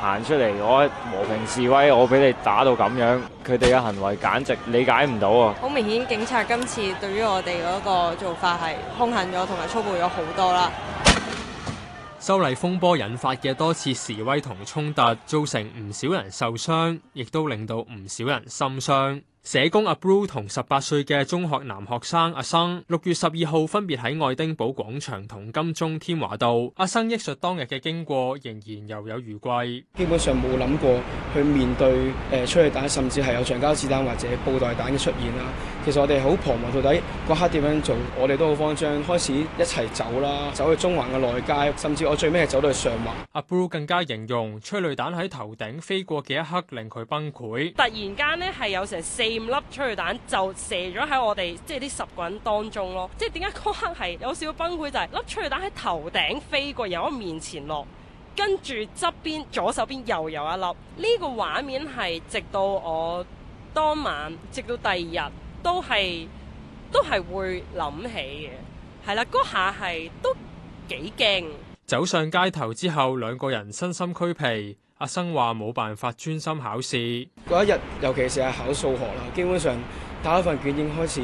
行出嚟，我和平示威，我俾你打到咁樣，佢哋嘅行為簡直理解唔到啊！好明顯，警察今次對於我哋嗰個做法係兇狠咗，同埋粗暴咗好多啦。修例風波引發嘅多次示威同衝突，造成唔少人受傷，亦都令到唔少人心傷。社工阿 blue 同十八歲嘅中學男學生阿生，六月十二號分別喺愛丁堡廣場同金鐘天華道。阿生憶述當日嘅經過，仍然猶有餘悸。基本上冇諗過去面對誒，催淚彈甚至係有橡膠子彈或者布袋彈嘅出現啦。其實我哋好彷徨到底嗰刻點樣做，我哋都好慌張，開始一齊走啦，走去中環嘅內街，甚至我最尾係走到去上環。阿 blue 更加形容催淚彈喺頭頂飛過嘅一刻令佢崩潰。突然間呢，係有成四。咁粒催淚彈就射咗喺我哋，即係啲十個人當中咯。即係點解嗰刻係有少少崩潰？就係粒催淚彈喺頭頂飛過，由我面前落，跟住側邊左手邊又有一粒。呢個畫面係直到我當晚，直到第二日都係都係會諗起嘅。係啦，嗰下係都幾驚。走上街頭之後，兩個人身心俱疲。阿生話冇辦法專心考試嗰一日，尤其是係考數學啦，基本上打一份卷已經開始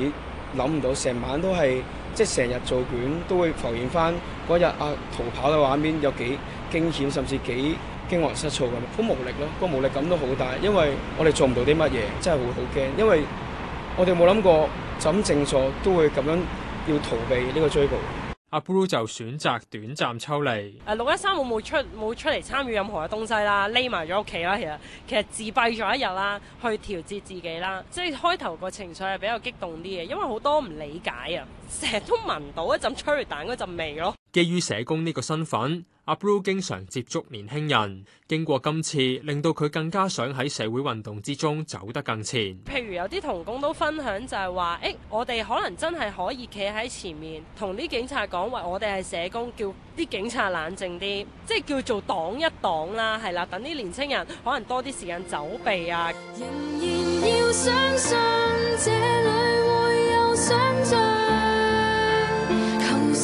諗唔到，成晚都係即係成日做卷，都會浮現翻，嗰日阿、啊、逃跑嘅畫面，有幾驚險，甚至幾驚惶失措咁，好無力咯，個無力感都好大，因為我哋做唔到啲乜嘢，真係會好驚，因為我哋冇諗過就咁靜坐，都會咁樣要逃避呢個追捕。阿 blue 就選擇短暫抽離，誒，六一三，冇冇出冇出嚟參與任何嘅東西啦，匿埋咗屋企啦。其實其實自閉咗一日啦，去調節自己啦。即係開頭個情緒係比較激動啲嘅，因為好多唔理解啊，成日都聞到一陣催淚彈嗰陣味咯。基於社工呢個身份，阿 Blue 經常接觸年輕人，經過今次令到佢更加想喺社會運動之中走得更前。譬如有啲同工都分享就係話，誒、欸，我哋可能真係可以企喺前面，同啲警察講話，我哋係社工，叫啲警察冷靜啲，即係叫做擋一擋啦，係啦，等啲年青人可能多啲時間走避啊。仍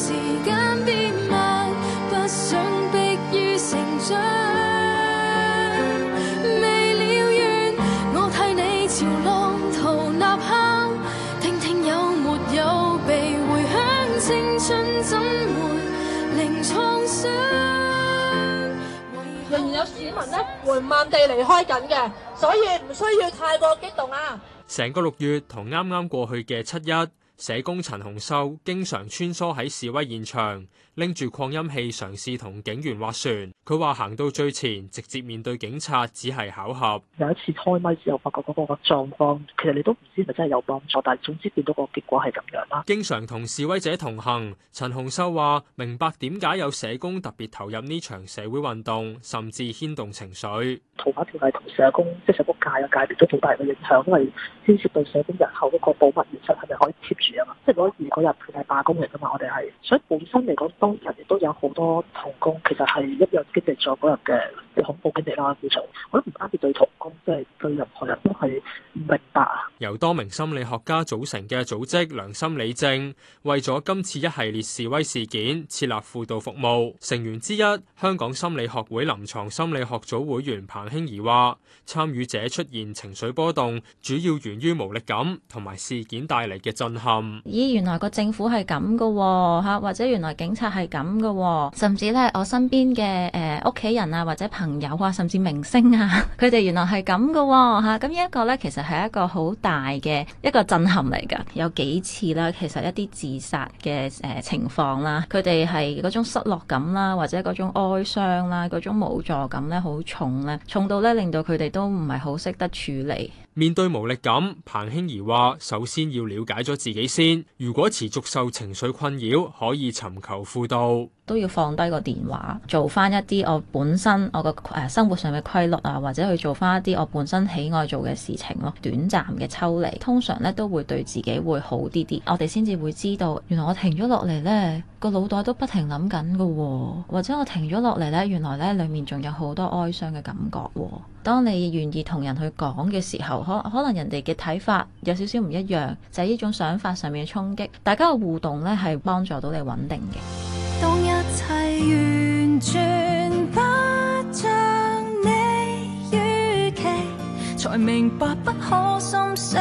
然有市民呢，緩慢地離開緊嘅，所以唔需要太過激動啊！成個六月同啱啱過去嘅七一。社工陳洪修經常穿梭喺示威現場，拎住擴音器嘗試同警員斡旋。佢話行到最前，直接面對警察只係巧合。有一次開咪之後，發覺嗰個個狀況，其實你都唔知係咪真係有幫助，但係總之變到個結果係咁樣啦。經常同示威者同行，陳洪修話明白點解有社工特別投入呢場社會運動，甚至牽動情緒。逃犯條例同社工，即係社福界嘅界別都好大嘅影響，因為牽涉到社工日後嗰個保密原則係咪可以貼。即係嗰時嗰日佢係罷工嚟㗎嘛，我哋係，所以本身嚟講，當日亦都有好多同工，其實係一樣經歷咗嗰日嘅恐怖經歷啦。加上我都唔單止對同工，即係對任何人，都係。由多名心理學家組成嘅組織良心理政，為咗今次一系列示威事件設立輔導服務。成員之一，香港心理學會臨床心理學組會員彭興怡話：參與者出現情緒波動，主要源於無力感同埋事件帶嚟嘅震撼。咦，原來個政府係咁噶，嚇！或者原來警察係咁噶，甚至咧我身邊嘅誒屋企人啊，或者朋友啊，甚至明星啊，佢哋原來係咁噶，嚇！咁呢一個咧，其實～係一個好大嘅一個震撼嚟㗎，有幾次啦，其實一啲自殺嘅誒情況啦，佢哋係嗰種失落感啦，或者嗰種哀傷啦，嗰種無助感咧，好重啦，重到咧令到佢哋都唔係好識得處理。面對無力感，彭馨怡話：首先要了解咗自己先。如果持續受情緒困擾，可以尋求輔導。都要放低個電話，做翻一啲我本身我個誒、呃、生活上嘅規律啊，或者去做翻一啲我本身喜愛做嘅事情咯。短暫嘅抽離，通常咧都會對自己會好啲啲。我哋先至會知道，原來我停咗落嚟呢個腦袋都不停諗緊嘅喎，或者我停咗落嚟呢，原來呢裡面仲有好多哀傷嘅感覺喎、哦。當你願意同人去講嘅時候，可可能人哋嘅睇法有少少唔一樣，就係、是、呢種想法上面嘅衝擊。大家嘅互動咧，係幫助到你穩定嘅。當一切完全不不像你預期，才明白不可心死。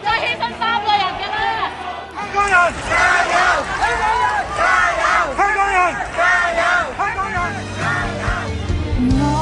再犧牲三個人嘅啦！香港人加油！香港人加油！香港人加油！香港人加油！